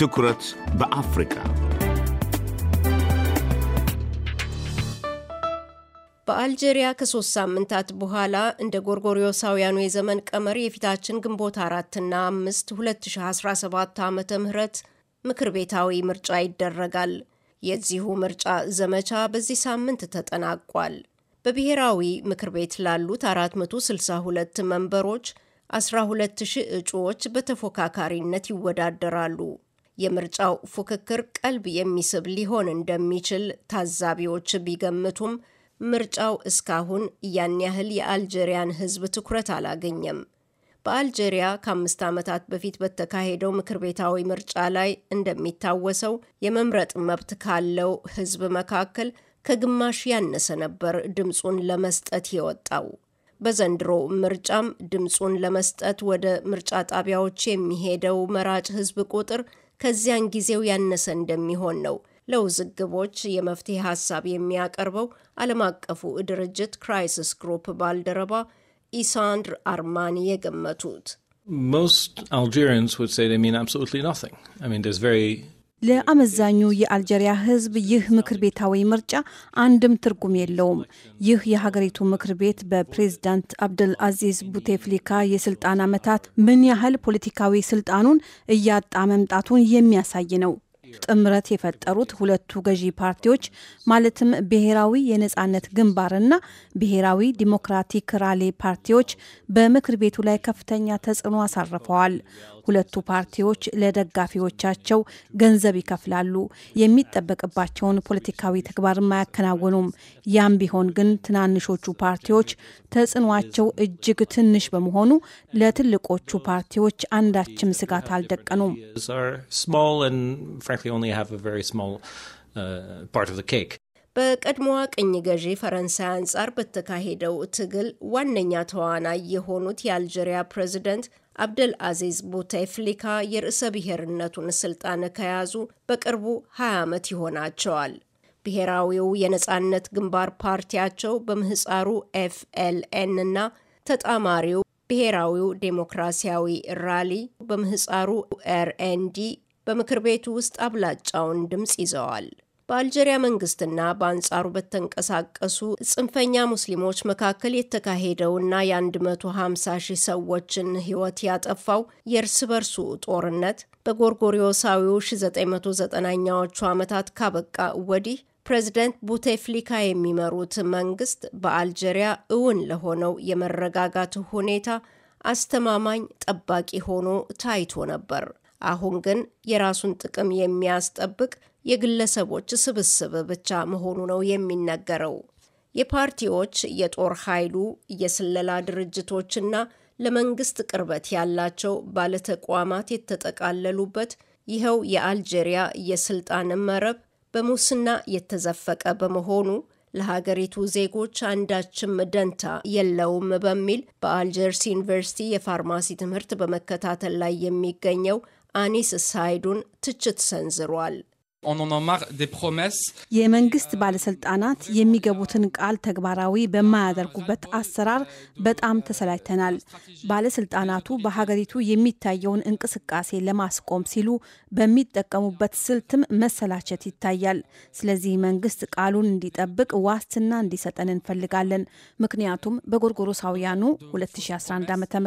ትኩረት በአፍሪካ በአልጄሪያ ከሶስት ሳምንታት በኋላ እንደ ጎርጎሪዮሳውያኑ የዘመን ቀመር የፊታችን ግንቦት አራትና አምስት 2017 ዓ ም ምክር ቤታዊ ምርጫ ይደረጋል። የዚሁ ምርጫ ዘመቻ በዚህ ሳምንት ተጠናቋል። በብሔራዊ ምክር ቤት ላሉት 462 መንበሮች 12000 እጩዎች በተፎካካሪነት ይወዳደራሉ። የምርጫው ፉክክር ቀልብ የሚስብ ሊሆን እንደሚችል ታዛቢዎች ቢገምቱም ምርጫው እስካሁን ያን ያህል የአልጄሪያን ሕዝብ ትኩረት አላገኘም። በአልጄሪያ ከአምስት ዓመታት በፊት በተካሄደው ምክር ቤታዊ ምርጫ ላይ እንደሚታወሰው የመምረጥ መብት ካለው ሕዝብ መካከል ከግማሽ ያነሰ ነበር ድምፁን ለመስጠት የወጣው። በዘንድሮ ምርጫም ድምፁን ለመስጠት ወደ ምርጫ ጣቢያዎች የሚሄደው መራጭ ህዝብ ቁጥር ከዚያን ጊዜው ያነሰ እንደሚሆን ነው ለውዝግቦች የመፍትሄ ሀሳብ የሚያቀርበው ዓለም አቀፉ ድርጅት ክራይሲስ ግሩፕ ባልደረባ ኢሳንድር አርማኒ የገመቱት። Most Algerians would say they mean absolutely nothing. I mean, there's very ለአመዛኙ የአልጀሪያ ህዝብ ይህ ምክር ቤታዊ ምርጫ አንድም ትርጉም የለውም። ይህ የሀገሪቱ ምክር ቤት በፕሬዝዳንት አብደል አዚዝ ቡቴፍሊካ የስልጣን ዓመታት ምን ያህል ፖለቲካዊ ስልጣኑን እያጣ መምጣቱን የሚያሳይ ነው። ጥምረት የፈጠሩት ሁለቱ ገዢ ፓርቲዎች ማለትም ብሔራዊ የነጻነት ግንባርና ብሔራዊ ዲሞክራቲክ ራሌ ፓርቲዎች በምክር ቤቱ ላይ ከፍተኛ ተጽዕኖ አሳርፈዋል። ሁለቱ ፓርቲዎች ለደጋፊዎቻቸው ገንዘብ ይከፍላሉ፣ የሚጠበቅባቸውን ፖለቲካዊ ተግባርም አያከናውኑም። ያም ቢሆን ግን ትናንሾቹ ፓርቲዎች ተጽዕኗቸው እጅግ ትንሽ በመሆኑ ለትልቆቹ ፓርቲዎች አንዳችም ስጋት አልደቀኑም። በቀድሞዋ ቅኝ ገዢ ፈረንሳይ አንጻር በተካሄደው ትግል ዋነኛ ተዋናይ የሆኑት የአልጄሪያ ፕሬዚደንት አብደል አዚዝ ቡተፍሊካ የርዕሰ ብሔርነቱን ስልጣን ከያዙ በቅርቡ 20 ዓመት ይሆናቸዋል። ብሔራዊው የነፃነት ግንባር ፓርቲያቸው በምህፃሩ ኤፍኤልኤን እና ተጣማሪው ብሔራዊው ዴሞክራሲያዊ ራሊ በምህፃሩ ኤርኤንዲ በምክር ቤቱ ውስጥ አብላጫውን ድምፅ ይዘዋል። በአልጀሪያ መንግስትና በአንጻሩ በተንቀሳቀሱ ጽንፈኛ ሙስሊሞች መካከል የተካሄደውና የ150 ሺህ ሰዎችን ህይወት ያጠፋው የእርስ በርሱ ጦርነት በጎርጎሪዮሳዊው 1990ኛዎቹ ዓመታት ካበቃ ወዲህ ፕሬዚደንት ቡቴፍሊካ የሚመሩት መንግስት በአልጀሪያ እውን ለሆነው የመረጋጋት ሁኔታ አስተማማኝ ጠባቂ ሆኖ ታይቶ ነበር። አሁን ግን የራሱን ጥቅም የሚያስጠብቅ የግለሰቦች ስብስብ ብቻ መሆኑ ነው የሚነገረው። የፓርቲዎች፣ የጦር ኃይሉ፣ የስለላ ድርጅቶችና ለመንግስት ቅርበት ያላቸው ባለተቋማት የተጠቃለሉበት ይኸው የአልጄሪያ የስልጣን መረብ በሙስና የተዘፈቀ በመሆኑ ለሀገሪቱ ዜጎች አንዳችም ደንታ የለውም በሚል በአልጀርስ ዩኒቨርሲቲ የፋርማሲ ትምህርት በመከታተል ላይ የሚገኘው አኒስ ሳይዱን ትችት ሰንዝሯል። የመንግስት ባለስልጣናት የሚገቡትን ቃል ተግባራዊ በማያደርጉበት አሰራር በጣም ተሰላይተናል። ባለስልጣናቱ በሀገሪቱ የሚታየውን እንቅስቃሴ ለማስቆም ሲሉ በሚጠቀሙበት ስልትም መሰላቸት ይታያል። ስለዚህ መንግስት ቃሉን እንዲጠብቅ ዋስትና እንዲሰጠን እንፈልጋለን። ምክንያቱም በጎርጎሮሳውያኑ 2011 ዓ ም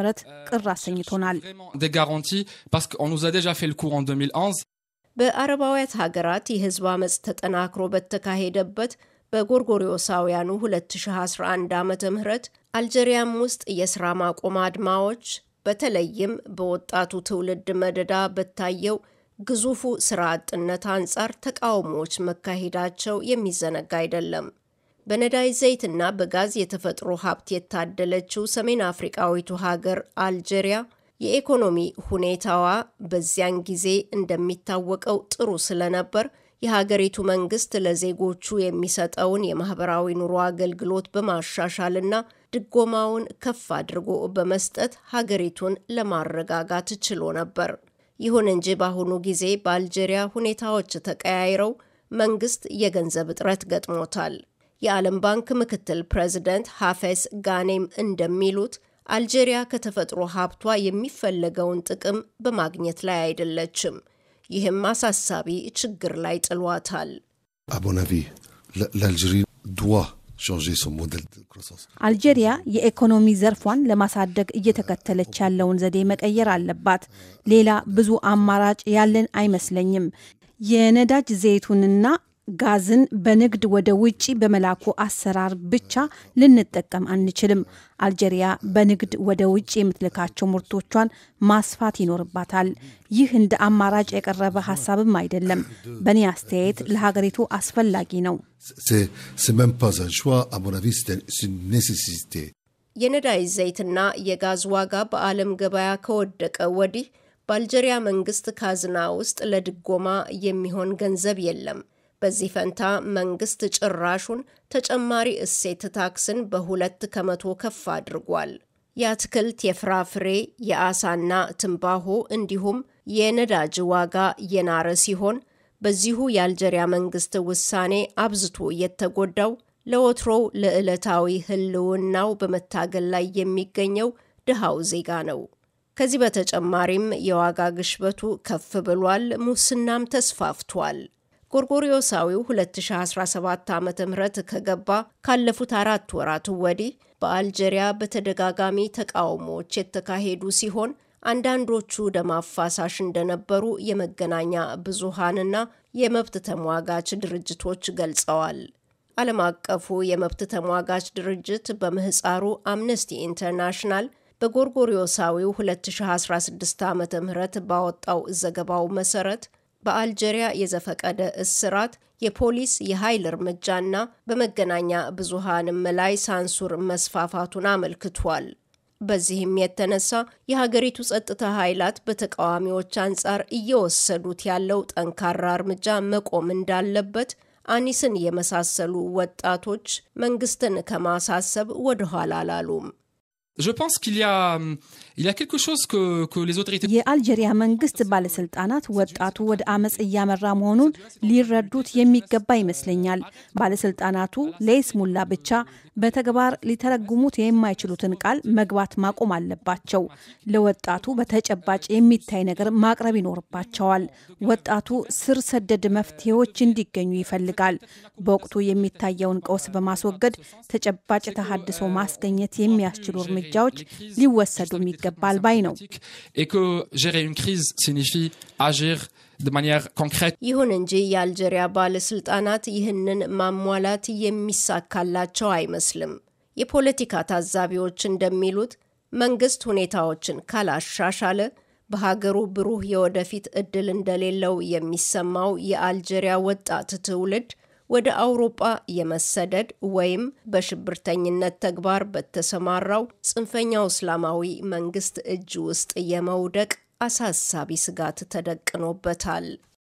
ቅር አሰኝቶናል። በአረባውያት ሀገራት የህዝብ አመፅ ተጠናክሮ በተካሄደበት በጎርጎሪዮሳውያኑ 2011 ዓ ም አልጀሪያም ውስጥ የሥራ ማቆም አድማዎች በተለይም በወጣቱ ትውልድ መደዳ በታየው ግዙፉ ሥራ አጥነት አንጻር ተቃውሞዎች መካሄዳቸው የሚዘነጋ አይደለም። በነዳይ ዘይትና በጋዝ የተፈጥሮ ሀብት የታደለችው ሰሜን አፍሪቃዊቱ ሀገር አልጄሪያ የኢኮኖሚ ሁኔታዋ በዚያን ጊዜ እንደሚታወቀው ጥሩ ስለነበር የሀገሪቱ መንግስት ለዜጎቹ የሚሰጠውን የማህበራዊ ኑሮ አገልግሎት በማሻሻልና ድጎማውን ከፍ አድርጎ በመስጠት ሀገሪቱን ለማረጋጋት ችሎ ነበር። ይሁን እንጂ በአሁኑ ጊዜ በአልጄሪያ ሁኔታዎች ተቀያይረው መንግስት የገንዘብ እጥረት ገጥሞታል። የዓለም ባንክ ምክትል ፕሬዚደንት ሀፌስ ጋኔም እንደሚሉት አልጄሪያ ከተፈጥሮ ሀብቷ የሚፈለገውን ጥቅም በማግኘት ላይ አይደለችም። ይህም አሳሳቢ ችግር ላይ ጥሏታል። አቦናቪ ለአልጄሪ ድዋ አልጄሪያ የኢኮኖሚ ዘርፏን ለማሳደግ እየተከተለች ያለውን ዘዴ መቀየር አለባት። ሌላ ብዙ አማራጭ ያለን አይመስለኝም። የነዳጅ ዘይቱንና ጋዝን በንግድ ወደ ውጪ በመላኩ አሰራር ብቻ ልንጠቀም አንችልም። አልጄሪያ በንግድ ወደ ውጭ የምትልካቸው ምርቶቿን ማስፋት ይኖርባታል። ይህ እንደ አማራጭ የቀረበ ሀሳብም አይደለም። በእኔ አስተያየት ለሀገሪቱ አስፈላጊ ነው። የነዳጅ ዘይትና የጋዝ ዋጋ በዓለም ገበያ ከወደቀ ወዲህ በአልጄሪያ መንግስት ካዝና ውስጥ ለድጎማ የሚሆን ገንዘብ የለም። በዚህ ፈንታ መንግስት ጭራሹን ተጨማሪ እሴት ታክስን በሁለት ከመቶ ከፍ አድርጓል። የአትክልት፣ የፍራፍሬ፣ የአሳና ትንባሆ እንዲሁም የነዳጅ ዋጋ የናረ ሲሆን በዚሁ የአልጀሪያ መንግስት ውሳኔ አብዝቶ የተጎዳው ለወትሮው ለዕለታዊ ህልውናው በመታገል ላይ የሚገኘው ድሃው ዜጋ ነው። ከዚህ በተጨማሪም የዋጋ ግሽበቱ ከፍ ብሏል፣ ሙስናም ተስፋፍቷል። ጎርጎሪዮሳዊው 2017 ዓ ም ከገባ ካለፉት አራት ወራት ወዲህ በአልጀሪያ በተደጋጋሚ ተቃውሞዎች የተካሄዱ ሲሆን አንዳንዶቹ ደም አፋሳሽ እንደነበሩ የመገናኛ ብዙሃንና የመብት ተሟጋች ድርጅቶች ገልጸዋል። ዓለም አቀፉ የመብት ተሟጋች ድርጅት በምህፃሩ አምነስቲ ኢንተርናሽናል በጎርጎሪዮሳዊው 2016 ዓ ም ባወጣው ዘገባው መሰረት በአልጀሪያ የዘፈቀደ እስራት፣ የፖሊስ የኃይል እርምጃና በመገናኛ ብዙሃንም ላይ ሳንሱር መስፋፋቱን አመልክቷል። በዚህም የተነሳ የሀገሪቱ ጸጥታ ኃይላት በተቃዋሚዎች አንጻር እየወሰዱት ያለው ጠንካራ እርምጃ መቆም እንዳለበት አኒስን የመሳሰሉ ወጣቶች መንግስትን ከማሳሰብ ወደኋላ አላሉም። Je pense qu'il y a il y a quelque chose que que les autorités የአልጄሪያ መንግስት ባለስልጣናት ወጣቱ ወደ አመጽ እያመራ መሆኑን ሊረዱት የሚገባ ይመስለኛል። ባለስልጣናቱ ለይስሙላ ብቻ በተግባር ሊተረጉሙት የማይችሉትን ቃል መግባት ማቆም አለባቸው። ለወጣቱ በተጨባጭ የሚታይ ነገር ማቅረብ ይኖርባቸዋል። ወጣቱ ስር ሰደድ መፍትሄዎች እንዲገኙ ይፈልጋል። በወቅቱ የሚታየውን ቀውስ በማስወገድ ተጨባጭ ተሃድሶ ማስገኘት የሚያስችሉ እርምጃ እርምጃዎች ሊወሰዱም ይገባል ባይ ነው። ይሁን እንጂ የአልጄሪያ ባለስልጣናት ይህንን ማሟላት የሚሳካላቸው አይመስልም። የፖለቲካ ታዛቢዎች እንደሚሉት መንግስት ሁኔታዎችን ካላሻሻለ በሀገሩ ብሩህ የወደፊት እድል እንደሌለው የሚሰማው የአልጄሪያ ወጣት ትውልድ ወደ አውሮጳ የመሰደድ ወይም በሽብርተኝነት ተግባር በተሰማራው ጽንፈኛው እስላማዊ መንግስት እጅ ውስጥ የመውደቅ አሳሳቢ ስጋት ተደቅኖበታል።